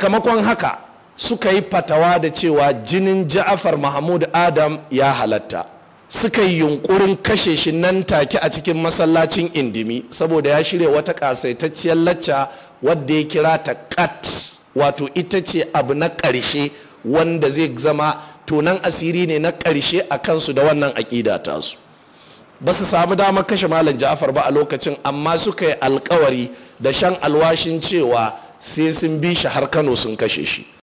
sakamakon haka suka yi fatawa da cewa jinin ja'afar mahmud adam ya halatta suka yi yunkurin kashe shi nan take a cikin masallacin indimi saboda ya shirya wata kasaitacciyar lacca wadda ya kira ta kat wato ita ce abu na ƙarshe wanda zai zama tunan asiri ne na ƙarshe a kansu da wannan aƙida tasu ba su samu damar kashe malam ja'afar ba a lokacin amma suka yi alkawari da shan alwashin cewa sai sun bi shi har kano sun kashe shi